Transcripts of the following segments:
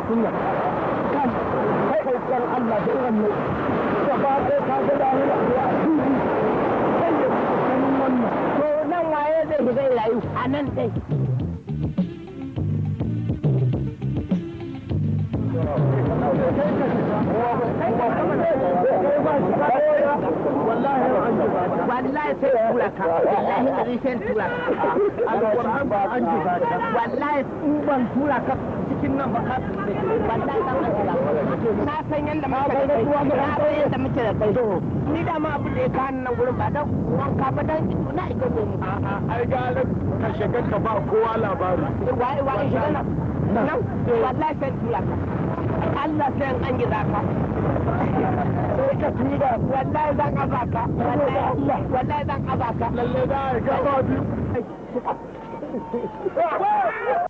ba kunya kan kai kokon Allah da irin mai gaba ko ka ga da ni a dubi kai da kusan wannan to nan waye zai bi zai rayu a nan dai wallahi sai tura ka wallahi a rishen tura ka alƙur'an ba an ji ba wallahi in ban tura ka sarkin nan ba ka na san yadda muke da kai na san yadda muke da kai ni da ma abin da ya kawo nan gurin ba dan wanka ba dan ido na ido ne a a ai ka shiga ka ba kowa labari wai wai shiga nan nan eh. wallahi sai tura ka Allah sai an gida ka sai ka tura wallahi zan ka wallahi wallahi zan ka lalle da ka ba biyu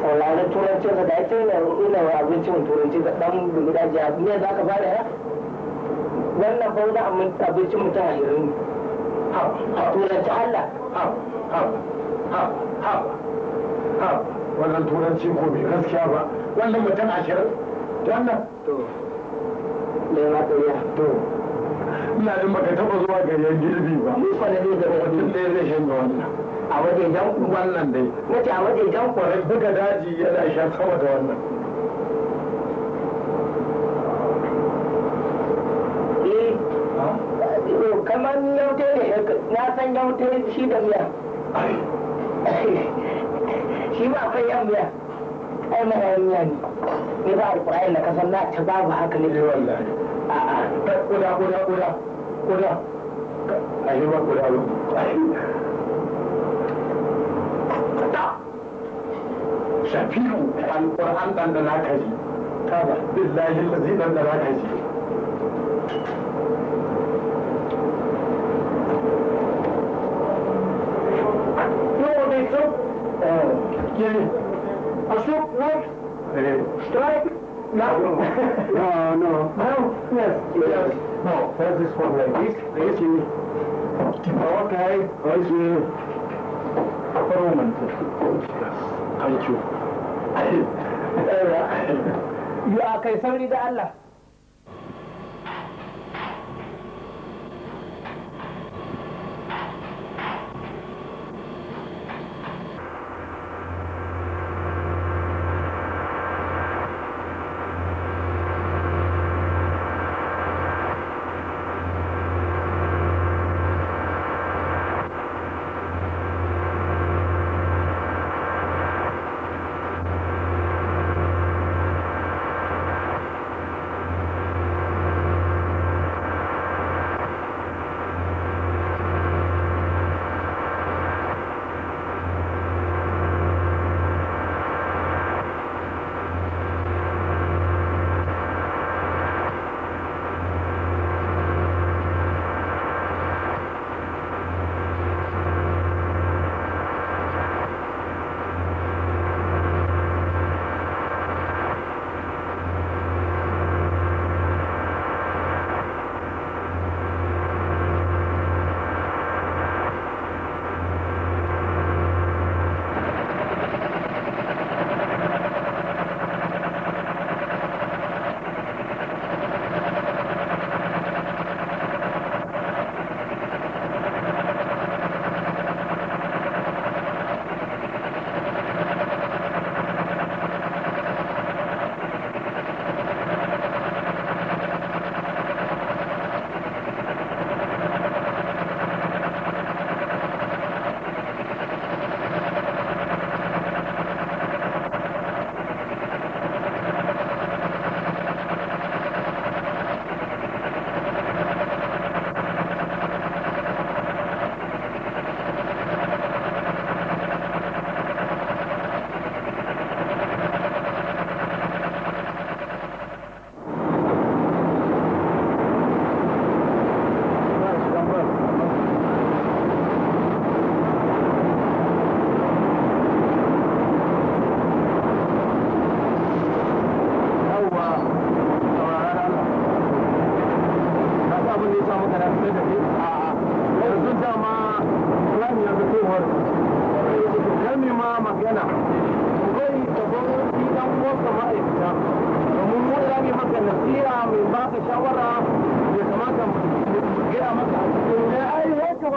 saurari turancin da ya bada wannan a a turanci ko bai gaskiya ba wannan mutum ashirin wannan ƙuriya to ina jin baka taɓa zuwa gariyar girbi ba ne zai da wannan a wannan dai nace a daji yana shan sama da wannan eh. kamar yaute ne na san yaute shi da miya shi ma akwai yan miya ai mana yan miya ne ni ba alƙur'ani na kasan na ta babu haka ne eh, wallahi kuda kuda kuda kuda ayi ma kuda lo shafi'u alquran dan da na kaji kaza billahi allazi dan da na kaji Asuk, Nord, Streik, No. No, no. No, yes. Yes. No, that's this one like this, this. Okay. Thank you. For a moment. Thank you. you are kai sauri da Allah.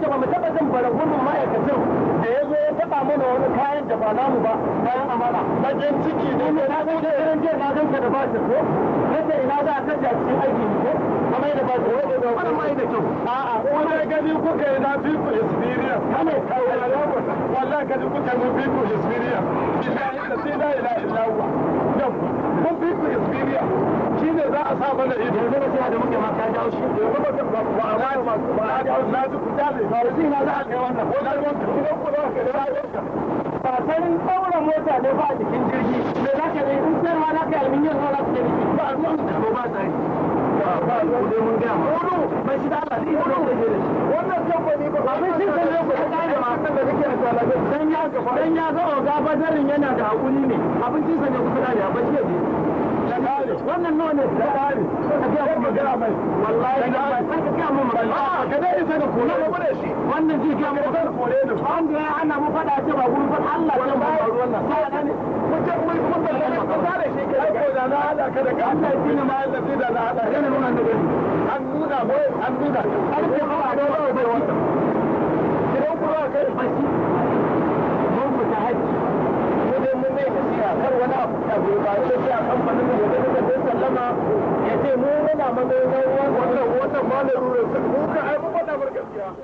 ce ba mu taba jin baragurmin ma'aikacin da ya zo ya taba mana wani kayan da ba namu ba kayan amana bakin ciki ne ne na ga da irin jiya na ganka da ba ko kace ina za a kace a cikin aiki ne ko amma da ba ko da wannan mai a a wani gani kuka yi na fi experience kana kawai wallahi gani kuka yi na experience billahi la ilaha illa huwa mun fi su experience shi ne za a sa mana ido da muke ma jawo shi ba ba ba ba ba ba ba a kai wannan ko ba ba a cikin jirgi me za ka yi ba a ba ta ba ba ba ba a dan ya ga oga badarin yana da hakuri ne abincin ne ku da wannan nawa ne da dari ka ga mu magana mai da ba ka ka wannan ka ka da na da na hada nuna da gani an nuna boye idan kuma duniya kar wani abu ta gurbace a kamfanin da ya sallama ya ce mu muna matsayin wannan wannan ma da rurar mu gaskiya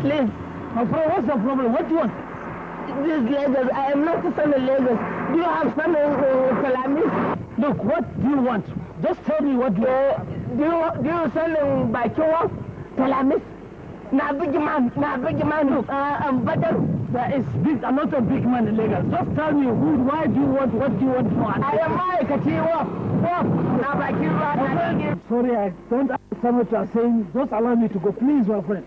Please. My friend, what's the problem? What do you want? These Lagos. I am not from Lagos. Do you have some uh, Calamis? Look, what do you want? Just tell me what do you uh, want. Do you, do you sell in um, Bakiwa? Calamis? Now big man, now big man. Look, uh, I'm better. There is big, I'm not a big man in Lagos. Just tell me who, why do you want, what do you want for? I am Mike, Katiwa. Now Bakiwa, Sorry, I don't understand what you are saying. Just allow me to go, please, my friend.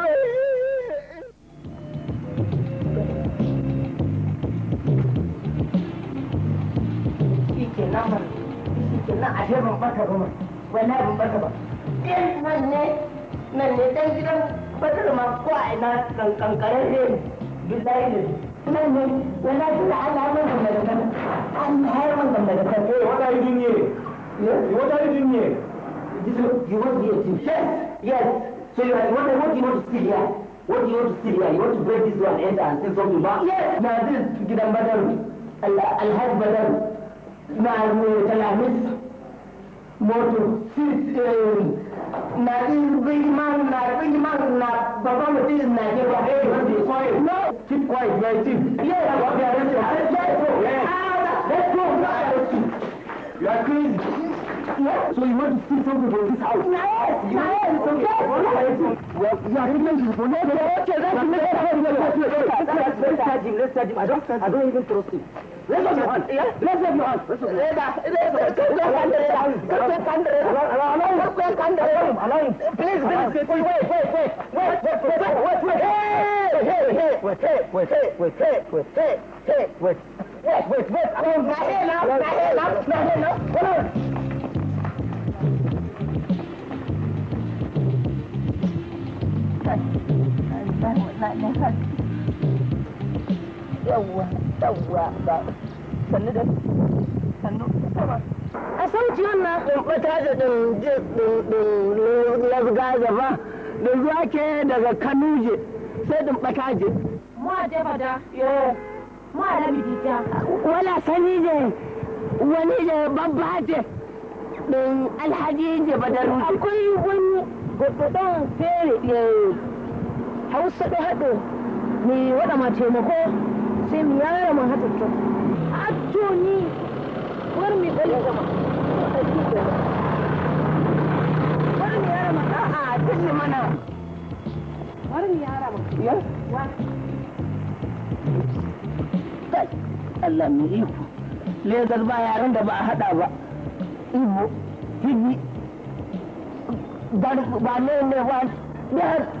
ashe ban baka ba wallahi ban baka ba ɗin nan ne nan ne ɗan gidan fatar ma ko a ina kankankaren ne billahi ne nan ne wallahi da Allah mun da malakan an har mun da malakan eh wada yin ne yi yin ne this you want yi see yes yes so you what what you want to see here what you want to see here you want to break this one end and uh, say something ba yes na this gidan badar Allah alhaji badar na mai uh, một chút na iman na iman na baba mati na je wa e wa di koi no keep quiet my team yeah what they are doing let's go let's go you are crazy Yes. So you want to steal something from this house? Yes, yes, yes. Okay. yes. Well, you are English. Okay, okay, let's let's charge him. Let's charge him. I don't, I don't even trust him. Let's have your hand. Let's have your hand. Let's have your hand. Allow him. Please, please. Wait, wait, wait, wait, wait, wait, wait, wait, wait. Hey, hey, hey, wait, hey, wait, hey, wait, hey, wait, hey, hey, wait. Wait, wait, wait. Now, now, now, now, now, now, now. Hold on. a sauci wannan ɗumɓata da ɗin da ke daga kanuje sai ɗumɓata je mu a jefa da mu a wala sani je wani je babba je ɗin alhaji je badaru akwai wani fere hausa ɗo haɗo waɗa waɗama taimako sai mu yara man to hatto ni war mi ɓali jama war mi yara ma? a'a tashi mana war mi yara man ya kai Allah yi ku. lezar ba yaran da ba a haɗa ba ibo hibi ba ne ne ba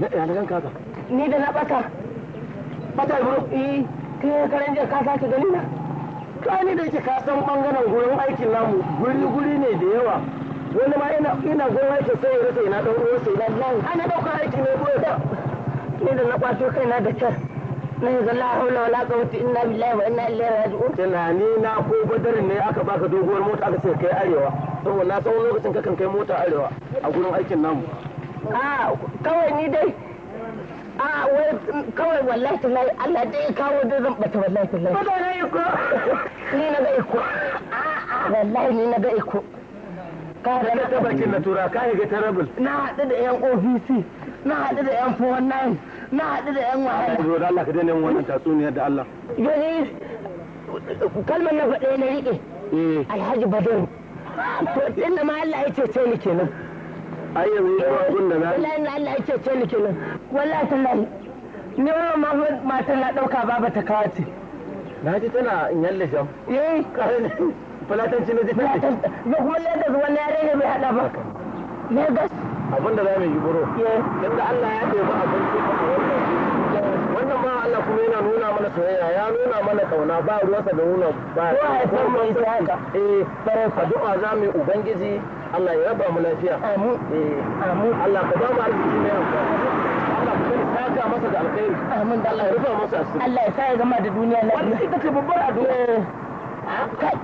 ya ina na ganka ka ni da na ɓata bata ibro eh kai ya karen jiya ka sake gani na ka ni da yake ka san bangaren gurin aikin namu guri guri ne da yawa wani ma ina ina gurin aikin sai ya rasa ina dan uwa sai ina nan ana daukar aiki ne gurin da ni da na kwato kaina da kyar na yanzu la haula wala quwwata illa billahi wa inna ilaihi raji'un tunani na ko badar ne aka baka doguwar mota aka ce kai arewa saboda na san lokacin kakan kai mota arewa a gurin aikin namu Ah, kawai ni dai a ah, wai kawai wallahi tallahi Allah dai ya kawo da zan bata wallahi tallahi ko na iko ni na ga iko wallahi ni na ga iko ka da ta bakin na tura ka ga terrible na haɗu da yan OVC na haɗu da yan 419 na haɗu da yan wahala zo da Allah ka daina wannan tatsuniyar da Allah Gani kalmar na faɗe na riƙe eh. alhaji badaru to inda ma Allah ya cece ni kenan ai yanzu abin da na wallahi na Allah yake ce ni kenan wallahi tallahi ni wannan matar na dauka baba ta kawo ce na ji tana in yalle sham eh fulatanci na ji ta ba kuma lagos wannan yare rage bai hada ba lagos abin da za mu yi buro eh. yanda Allah ya ɗebi abin da wannan ma Allah kuma yana nuna mana soyayya ya nuna mana kauna ba ruwansa da nuna ba ko a san mai saka eh sai addu'a za mu yi ubangiji Allah ya ba mu lafiya amin eh. amin Allah ka ba mu arziki mai Allah ka saka masa da alkhairi amin Allah ya rufa masa asiri Allah ya sa gama da duniya ita ce babbar addu'a eh. kai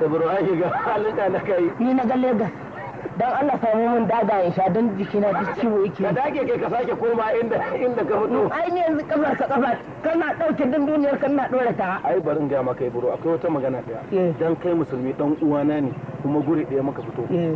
da ai halin da na kai ni na ga Lagos dan Allah samu mun daga in sha don jikina duk ciwo yake ka dage kai ka sake koma inda inda ka fito ai ne yanzu kamar ka kafa kana dauke din duniyar kana dora ta ai barin ga maka ibro akwai wata magana daya eh. dan kai musulmi dan uwana ne kuma guri daya maka fito eh.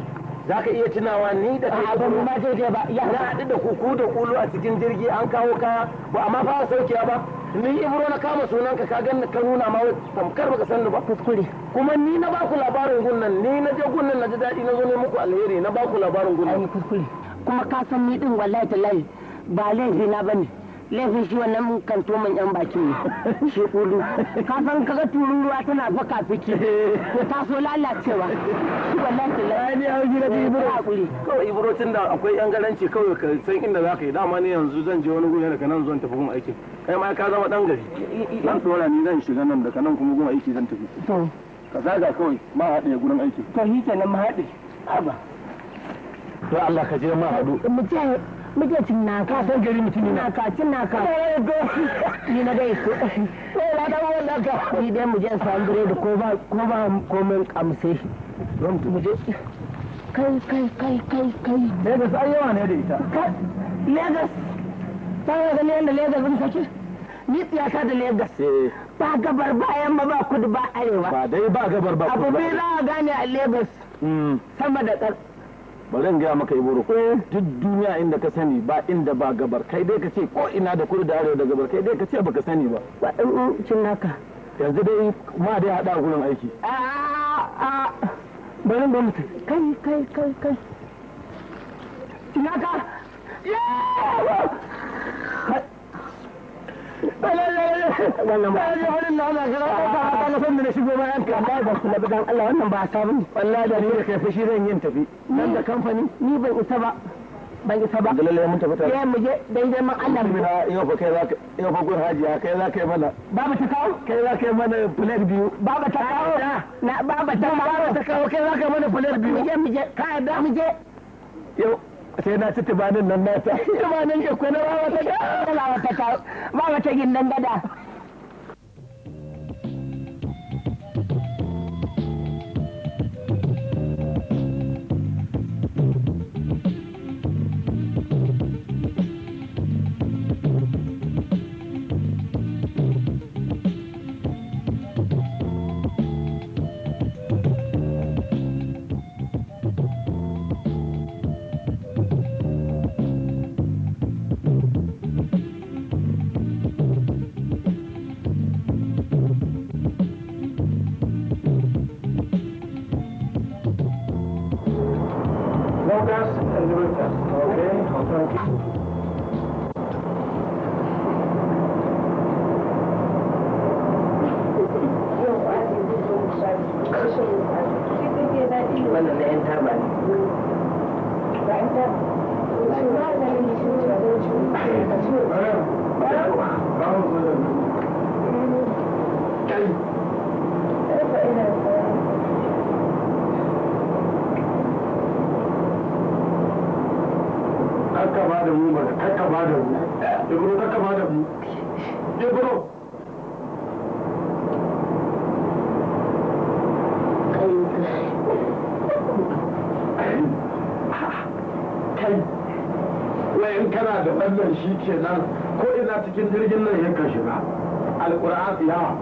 za ka iya tunawa ni da kai ba ma daidai ba ya na haɗu da kuku da kulu a cikin jirgi an kawo kaya ba amma fa saukiya ba ni ibro na kama sunan ka ka ganna ka nuna ma tamkar baka san ba kuskure kuma ni na ba ku labarin gunnan ni na je gunnan na ji daɗi na zo ne muku alheri na ba ku labarin gunnan ai kuskure kuma ka san ni din wallahi tallahi ba laifi na bane laifin shi wannan kanto toman yan baki ne shi ulu kafin kaga tururuwa tana baka fiki ta so lalacewa shi wallahi ai ni ibro hakuri kawai ibro tunda akwai yan garanci kawai ka san inda za ka yi dama ne yanzu zan je wani guri daga nan zan tafi kuma aiki kai ma ka zama dan gari zan tsora ni zan shiga nan daga nan kuma gun aiki zan tafi to ka zaga kawai ma haɗe gurin aiki to shi kenan ma haɗe haba to Allah ka je ma haɗu muke cin na ka san gari mutum na ka cin na ka ni na dai ko eh da wannan ka ni dai mu je san biredi ko ba ko ba komai kamse don mu je kai kai kai kai kai Lagos ai yawa ne da ita Lagos ta ga Lagos mun ni da Lagos eh. ba gabar ba yamma ba kudu ba arewa ba dai ba gabar ba abu bai za a gane a Lagos mm. sama da ba zan gaya maka iboro ko duk duniya inda ka sani ba inda ba gabar kai dai ka ce ko ina da kudu da arewa da gabar kai dai ka ce baka sani ba ba ɗan cin naka yanzu dai ma dai hada gurin aiki a bari ba mutum kai kai kai kai cin naka wannan ba ya wani na ana kira ko haka na san da shigo yanka ba su labi dan Allah wannan ba bane wallahi da ni da kai fushi zan yin tafi nan da kamfani ni ban isa ba ban isa ba mun tafi man Allah yau fa kai yau fa kai yi mana baba ta kawo kai yi mana plate biyu ta kawo na ta kawo kai yi mana plate biyu ka da yau sai na ci tubanin nan nata tubanin ke kuna ba wata ba wata gindin gada da mu ba kakka ba da mu ibro kakka ba da mu ibro kai wayan kana da wannan shi ke nan ko ina cikin jirgin nan ya kashi ba alƙur'an ya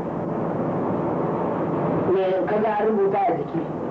me kaga rubuta a jiki